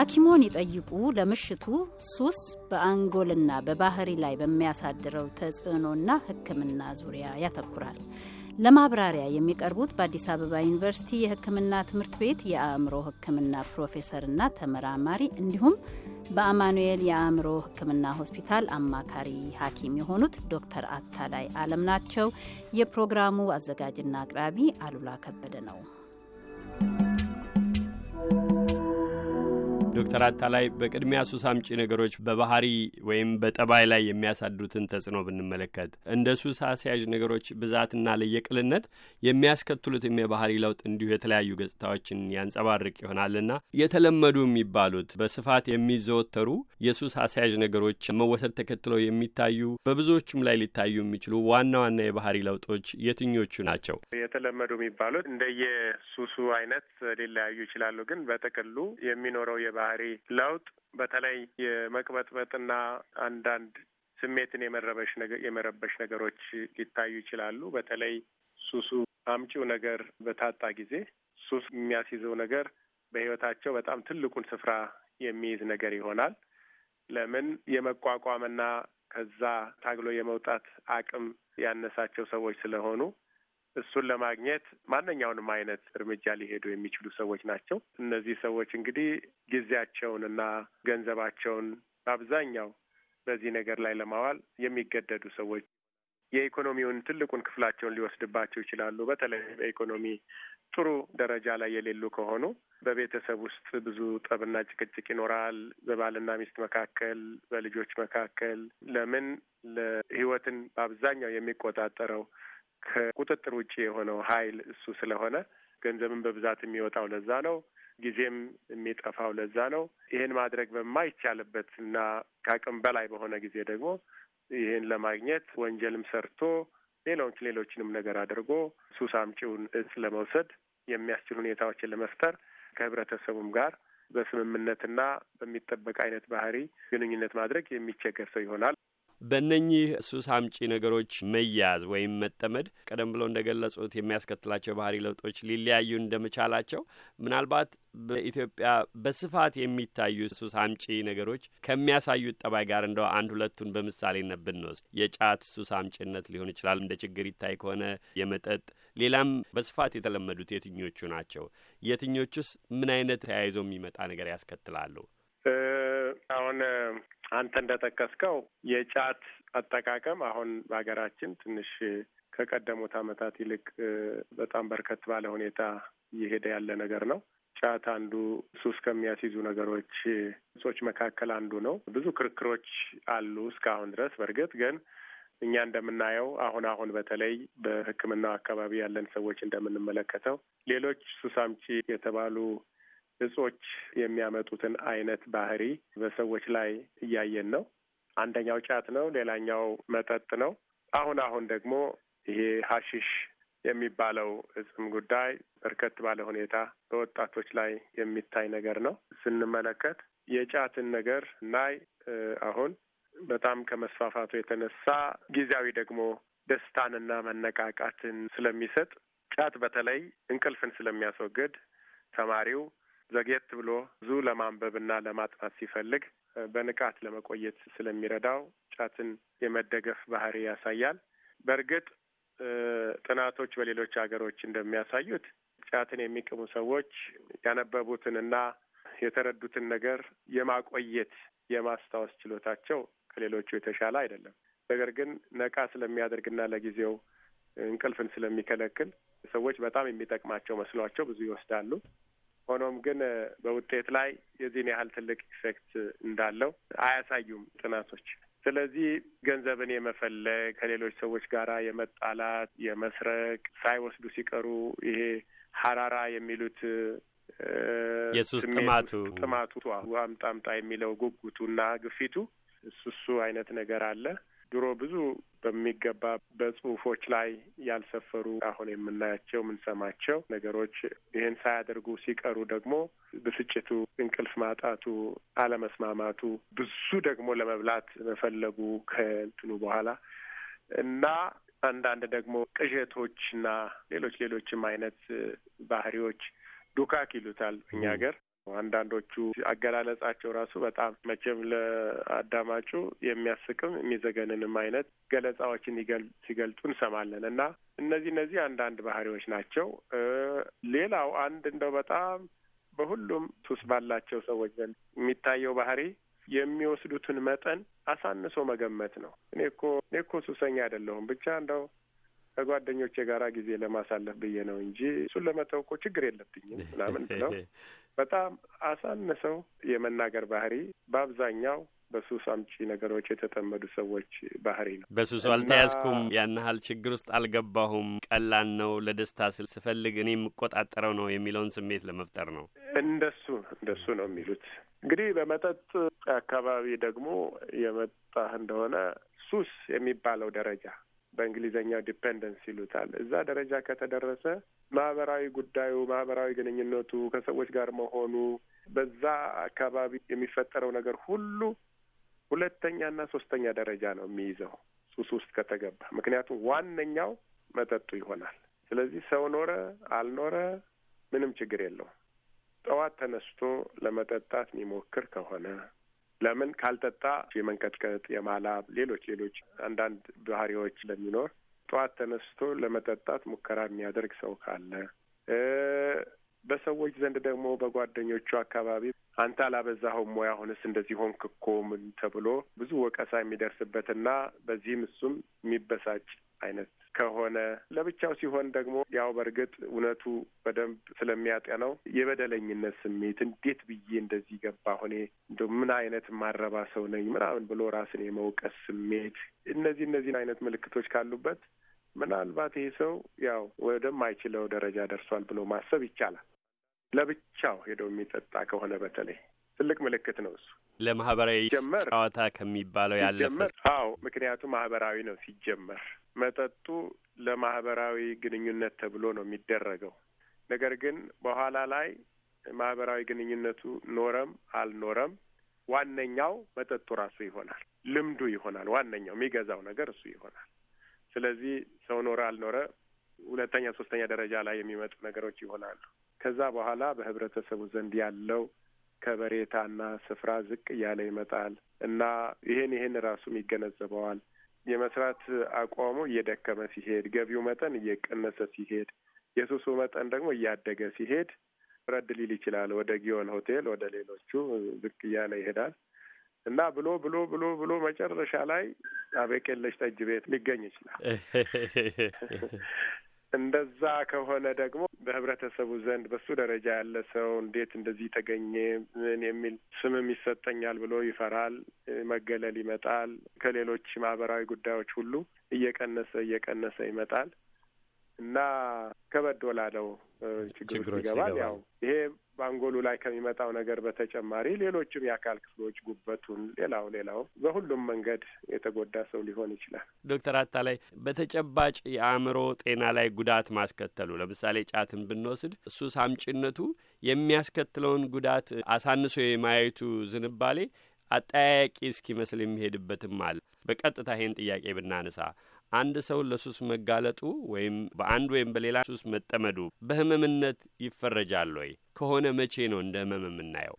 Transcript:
ሐኪሞን ይጠይቁ ለምሽቱ ሱስ በአንጎልና በባህሪ ላይ በሚያሳድረው ተጽዕኖና ሕክምና ዙሪያ ያተኩራል። ለማብራሪያ የሚቀርቡት በአዲስ አበባ ዩኒቨርሲቲ የሕክምና ትምህርት ቤት የአእምሮ ሕክምና ፕሮፌሰርና ተመራማሪ እንዲሁም በአማኑኤል የአእምሮ ሕክምና ሆስፒታል አማካሪ ሐኪም የሆኑት ዶክተር አታላይ አለም ናቸው። የፕሮግራሙ አዘጋጅና አቅራቢ አሉላ ከበደ ነው። ዶክተር አታላይ በቅድሚያ ሱስ አምጪ ነገሮች በባህሪ ወይም በጠባይ ላይ የሚያሳድሩትን ተጽዕኖ ብንመለከት እንደ ሱስ አስያዥ ነገሮች ብዛትና ለየቅልነት የሚያስከትሉትም የባህሪ ለውጥ እንዲሁ የተለያዩ ገጽታዎችን ያንጸባርቅ ይሆናልና የተለመዱ የሚባሉት በስፋት የሚዘወተሩ የሱስ አስያዥ ነገሮች መወሰድ ተከትለው የሚታዩ በብዙዎቹም ላይ ሊታዩ የሚችሉ ዋና ዋና የባህሪ ለውጦች የትኞቹ ናቸው? የተለመዱ የሚባሉት እንደየሱሱ አይነት ሊለያዩ ይችላሉ። ግን በጥቅሉ የሚኖረው የባህሪ ባህሪ ለውጥ በተለይ የመቅበጥበጥና አንዳንድ ስሜትን የመረበሽ የመረበሽ ነገሮች ሊታዩ ይችላሉ። በተለይ ሱሱ አምጪው ነገር በታጣ ጊዜ ሱስ የሚያስይዘው ነገር በህይወታቸው በጣም ትልቁን ስፍራ የሚይዝ ነገር ይሆናል። ለምን የመቋቋምና ከዛ ታግሎ የመውጣት አቅም ያነሳቸው ሰዎች ስለሆኑ እሱን ለማግኘት ማንኛውንም አይነት እርምጃ ሊሄዱ የሚችሉ ሰዎች ናቸው። እነዚህ ሰዎች እንግዲህ ጊዜያቸውን እና ገንዘባቸውን በአብዛኛው በዚህ ነገር ላይ ለማዋል የሚገደዱ ሰዎች የኢኮኖሚውን ትልቁን ክፍላቸውን ሊወስድባቸው ይችላሉ። በተለይ በኢኮኖሚ ጥሩ ደረጃ ላይ የሌሉ ከሆኑ በቤተሰብ ውስጥ ብዙ ጠብና ጭቅጭቅ ይኖራል። በባልና ሚስት መካከል፣ በልጆች መካከል ለምን ለህይወትን በአብዛኛው የሚቆጣጠረው ከቁጥጥር ውጭ የሆነው ኃይል እሱ ስለሆነ ገንዘብን በብዛት የሚወጣው ለዛ ነው። ጊዜም የሚጠፋው ለዛ ነው። ይህን ማድረግ በማይቻልበት እና ከአቅም በላይ በሆነ ጊዜ ደግሞ ይህን ለማግኘት ወንጀልም ሰርቶ ሌሎች ሌሎችንም ነገር አድርጎ ሱስ አምጪውን እጽ ለመውሰድ የሚያስችል ሁኔታዎችን ለመፍጠር ከህብረተሰቡም ጋር በስምምነትና በሚጠበቅ አይነት ባህሪ ግንኙነት ማድረግ የሚቸገር ሰው ይሆናል። በእነኚህ ሱስ አምጪ ነገሮች መያዝ ወይም መጠመድ ቀደም ብለው እንደ ገለጹት የሚያስከትላቸው ባህሪ ለውጦች ሊለያዩ እንደመቻላቸው ምናልባት በኢትዮጵያ በስፋት የሚታዩ ሱስ አምጪ ነገሮች ከሚያሳዩት ጠባይ ጋር እንደው አንድ ሁለቱን በምሳሌነት ብንወስድ የጫት ሱስ አምጪነት ሊሆን ይችላል። እንደ ችግር ይታይ ከሆነ የመጠጥ ሌላም በስፋት የተለመዱት የትኞቹ ናቸው? የትኞቹስ ምን አይነት ተያይዞ የሚመጣ ነገር ያስከትላሉ? አሁን አንተ እንደጠቀስከው የጫት አጠቃቀም አሁን በሀገራችን ትንሽ ከቀደሙት ዓመታት ይልቅ በጣም በርከት ባለ ሁኔታ እየሄደ ያለ ነገር ነው። ጫት አንዱ ሱስ ከሚያስይዙ ነገሮች ሶች መካከል አንዱ ነው። ብዙ ክርክሮች አሉ እስካሁን ድረስ። በእርግጥ ግን እኛ እንደምናየው አሁን አሁን በተለይ በሕክምናው አካባቢ ያለን ሰዎች እንደምንመለከተው ሌሎች ሱስ አምጪ የተባሉ እጾች የሚያመጡትን አይነት ባህሪ በሰዎች ላይ እያየን ነው። አንደኛው ጫት ነው፣ ሌላኛው መጠጥ ነው። አሁን አሁን ደግሞ ይሄ ሀሽሽ የሚባለው እጽም ጉዳይ በርከት ባለ ሁኔታ በወጣቶች ላይ የሚታይ ነገር ነው። ስንመለከት የጫትን ነገር ናይ አሁን በጣም ከመስፋፋቱ የተነሳ ጊዜያዊ ደግሞ ደስታንና መነቃቃትን ስለሚሰጥ ጫት በተለይ እንቅልፍን ስለሚያስወግድ ተማሪው ዘግየት ብሎ ብዙ ለማንበብና ለማጥናት ሲፈልግ በንቃት ለመቆየት ስለሚረዳው ጫትን የመደገፍ ባህሪ ያሳያል። በእርግጥ ጥናቶች በሌሎች ሀገሮች እንደሚያሳዩት ጫትን የሚቅሙ ሰዎች ያነበቡትንና የተረዱትን ነገር የማቆየት የማስታወስ ችሎታቸው ከሌሎቹ የተሻለ አይደለም። ነገር ግን ነቃ ስለሚያደርግና ለጊዜው እንቅልፍን ስለሚከለክል ሰዎች በጣም የሚጠቅማቸው መስሏቸው ብዙ ይወስዳሉ። ሆኖም ግን በውጤት ላይ የዚህን ያህል ትልቅ ኢፌክት እንዳለው አያሳዩም ጥናቶች። ስለዚህ ገንዘብን የመፈለግ ከሌሎች ሰዎች ጋር የመጣላት፣ የመስረቅ ሳይወስዱ ሲቀሩ ይሄ ሀራራ የሚሉት የሱስ ጥማቱ ጥማቱ አምጣ አምጣ የሚለው ጉጉቱና ግፊቱ እሱሱ አይነት ነገር አለ። ድሮ ብዙ በሚገባ በጽሁፎች ላይ ያልሰፈሩ አሁን የምናያቸው የምንሰማቸው ነገሮች ይህን ሳያደርጉ ሲቀሩ ደግሞ ብስጭቱ፣ እንቅልፍ ማጣቱ፣ አለመስማማቱ ብዙ ደግሞ ለመብላት መፈለጉ ከእንትኑ በኋላ እና አንዳንድ ደግሞ እና ሌሎች ሌሎችም አይነት ባህሪዎች ዱካክ ይሉታል እኛ ሀገር አንዳንዶቹ አገላለጻቸው ራሱ በጣም መቼም ለአዳማጩ የሚያስቅም የሚዘገንንም አይነት ገለጻዎችን ሲገልጡ እንሰማለን እና እነዚህ እነዚህ አንዳንድ ባህሪዎች ናቸው። ሌላው አንድ እንደው በጣም በሁሉም ሱስ ባላቸው ሰዎች ዘንድ የሚታየው ባህሪ የሚወስዱትን መጠን አሳንሶ መገመት ነው። እኔ እኮ እኔ እኮ ሱሰኛ አይደለሁም ብቻ እንደው ከጓደኞቼ ጋር ጊዜ ለማሳለፍ ብዬ ነው እንጂ እሱን ለመተው እኮ ችግር የለብኝም ምናምን ብለው በጣም አሳንሰው የመናገር ባህሪ በአብዛኛው በሱስ አምጪ ነገሮች የተጠመዱ ሰዎች ባህሪ ነው። በሱሱ አልተያዝኩም፣ ያን ያህል ችግር ውስጥ አልገባሁም፣ ቀላል ነው፣ ለደስታ ስል ስፈልግ እኔ የምቆጣጠረው ነው የሚለውን ስሜት ለመፍጠር ነው። እንደሱ እንደሱ ነው የሚሉት። እንግዲህ በመጠጥ አካባቢ ደግሞ የመጣህ እንደሆነ ሱስ የሚባለው ደረጃ በእንግሊዝኛው ዲፔንደንስ ይሉታል። እዛ ደረጃ ከተደረሰ ማህበራዊ ጉዳዩ፣ ማህበራዊ ግንኙነቱ፣ ከሰዎች ጋር መሆኑ፣ በዛ አካባቢ የሚፈጠረው ነገር ሁሉ ሁለተኛና ሶስተኛ ደረጃ ነው የሚይዘው ሱስ ውስጥ ከተገባ። ምክንያቱም ዋነኛው መጠጡ ይሆናል። ስለዚህ ሰው ኖረ አልኖረ ምንም ችግር የለውም። ጠዋት ተነስቶ ለመጠጣት የሚሞክር ከሆነ ለምን ካልጠጣ የመንቀጥቀጥ፣ የማላብ፣ ሌሎች ሌሎች አንዳንድ ባህሪዎች ለሚኖር ጠዋት ተነስቶ ለመጠጣት ሙከራ የሚያደርግ ሰው ካለ በሰዎች ዘንድ ደግሞ በጓደኞቹ አካባቢ አንተ አላበዛኸውም ሞያ አሁንስ እንደዚህ ሆንክ እኮ ምን ተብሎ ብዙ ወቀሳ የሚደርስበትና በዚህም እሱም የሚበሳጭ አይነት ከሆነ ለብቻው ሲሆን ደግሞ ያው በእርግጥ እውነቱ በደንብ ነው። የበደለኝነት ስሜት እንዴት ብዬ እንደዚህ ገባ ሆኔ እንደ ምን አይነት ማረባ ሰው ነኝ ምናምን ብሎ ራስን የመውቀስ ስሜት እነዚህ እነዚህን አይነት ምልክቶች ካሉበት ምናልባት ይህ ሰው ያው ወደማይችለው ደረጃ ደርሷል ብሎ ማሰብ ይቻላል። ለብቻው ሄደው የሚጠጣ ከሆነ በተለይ ትልቅ ምልክት ነው እሱ ለማህበራዊ ጨዋታ ከሚባለው ያለፈ። አዎ ምክንያቱ ማህበራዊ ነው ሲጀመር። መጠጡ ለማህበራዊ ግንኙነት ተብሎ ነው የሚደረገው። ነገር ግን በኋላ ላይ ማህበራዊ ግንኙነቱ ኖረም አልኖረም ዋነኛው መጠጡ ራሱ ይሆናል፣ ልምዱ ይሆናል። ዋነኛው የሚገዛው ነገር እሱ ይሆናል። ስለዚህ ሰው ኖረ አልኖረ ሁለተኛ ሶስተኛ ደረጃ ላይ የሚመጡ ነገሮች ይሆናሉ። ከዛ በኋላ በህብረተሰቡ ዘንድ ያለው ከበሬታና ስፍራ ዝቅ እያለ ይመጣል እና ይሄን ይሄን ራሱም ይገነዘበዋል። የመስራት አቋሙ እየደከመ ሲሄድ፣ ገቢው መጠን እየቀነሰ ሲሄድ፣ የሱሱ መጠን ደግሞ እያደገ ሲሄድ ረድ ሊል ይችላል። ወደ ጊዮን ሆቴል፣ ወደ ሌሎቹ ዝቅ እያለ ይሄዳል እና ብሎ ብሎ ብሎ ብሎ መጨረሻ ላይ አበቄለሽ ጠጅ ቤት ሊገኝ ይችላል። እንደዛ ከሆነ ደግሞ በህብረተሰቡ ዘንድ በሱ ደረጃ ያለ ሰው እንዴት እንደዚህ ተገኘ ምን የሚል ስምም ይሰጠኛል ብሎ ይፈራል። መገለል ይመጣል። ከሌሎች ማህበራዊ ጉዳዮች ሁሉ እየቀነሰ እየቀነሰ ይመጣል። እና ከበድ ወላለው ችግሮች ይገባል። ያው ይሄ በአንጎሉ ላይ ከሚመጣው ነገር በተጨማሪ ሌሎችም የአካል ክፍሎች ጉበቱን፣ ሌላው ሌላው በሁሉም መንገድ የተጎዳ ሰው ሊሆን ይችላል። ዶክተር አታላይ በተጨባጭ የአእምሮ ጤና ላይ ጉዳት ማስከተሉ ለምሳሌ ጫትን ብንወስድ ሱስ አምጪነቱ የሚያስከትለውን ጉዳት አሳንሶ የማየቱ ዝንባሌ አጠያያቂ እስኪመስል የሚሄድበትም አለ። በቀጥታ ይህን ጥያቄ ብናነሳ አንድ ሰው ለሱስ መጋለጡ ወይም በአንድ ወይም በሌላ ሱስ መጠመዱ በህመምነት ይፈረጃል ወይ? ከሆነ መቼ ነው እንደ ህመም የምናየው?